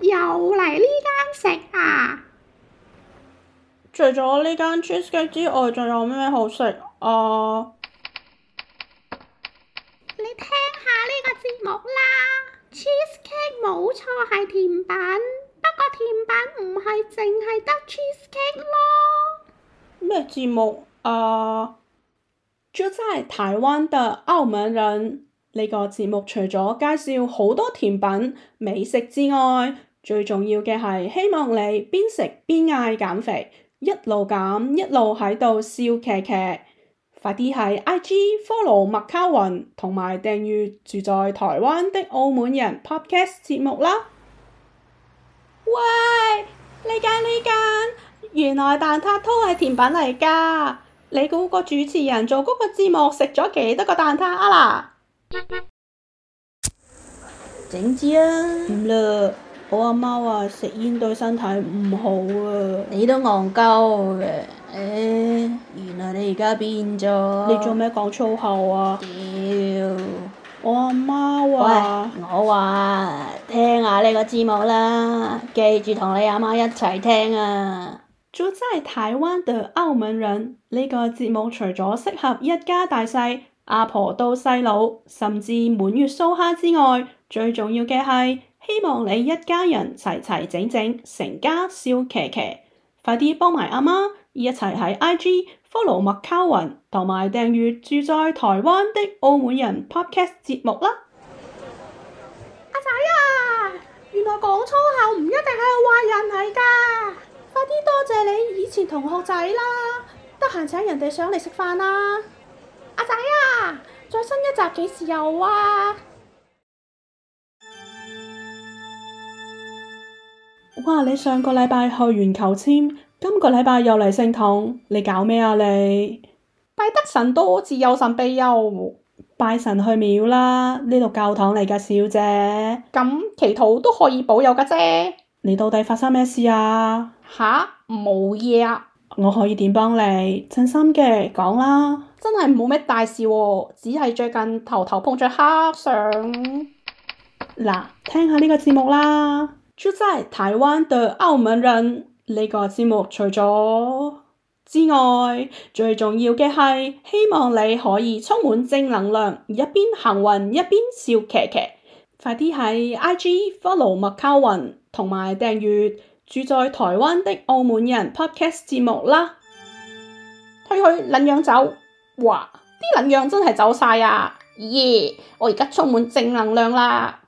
又嚟呢間食啊！除咗呢間 cheesecake 之外，仲有咩好食啊？Uh, 你聽下呢個節目啦，cheesecake 冇錯係甜品，不過甜品唔係淨係得 cheesecake 咯。咩節目啊？住、uh, 在台灣的澳門人。呢個節目除咗介紹好多甜品美食之外，最重要嘅係希望你邊食邊嗌減肥，一路減一路喺度笑騎騎。快啲喺 IG follow 麥卡雲同埋訂閲住在台灣的澳門人 Podcast 節目啦！喂，呢間呢間，原來蛋撻都係甜品嚟㗎。你估個主持人做嗰個節目食咗幾多個蛋撻啊？整支啊！唔嘞，我阿媽話食煙對身體唔好啊！你都戇鳩嘅，誒、欸，原來你而家變咗。你做咩講粗口啊？屌掉！我阿媽話。喂，我話聽下呢個節目啦，記住同你阿媽一齊聽啊！住在台灣的澳門人，呢、這個節目，除咗適合一家大細阿婆到細佬，甚至滿月蘇蝦之外，最重要嘅係希望你一家人齊齊整整，成家笑騎騎。快啲幫埋阿媽一齊喺 IG follow Macauan，同埋訂閱住在台灣的澳門人 podcast 節目啦。阿仔啊，原來講粗口唔一定係壞人嚟㗎，快啲多謝你以前同學仔啦，得閒請人哋上嚟食飯啊！阿仔啊，再新一集幾時有啊？哇，你上個禮拜去完求簽，今個禮拜又嚟聖堂，你搞咩啊？你拜得神多，自有神庇佑。拜神去廟啦，呢度教堂嚟噶，小姐。咁祈禱都可以保佑噶啫。你到底發生咩事啊？吓，冇嘢啊。我可以點幫你？真心嘅，講啦。真係冇咩大事喎，哦，只係最近頭頭碰着黑上嗱。聽下呢個節目啦，住在台灣的澳門人呢，呢個節目除咗之外，最重要嘅係希望你可以充滿正能量，一邊行運一邊笑騎騎。快啲喺 I G follow 麥卡雲同埋訂閲住在台灣的澳門人 podcast 節目啦，退去濫養走。哇！啲卵樣真係走晒呀、啊，耶、yeah！我而家充滿正能量啦～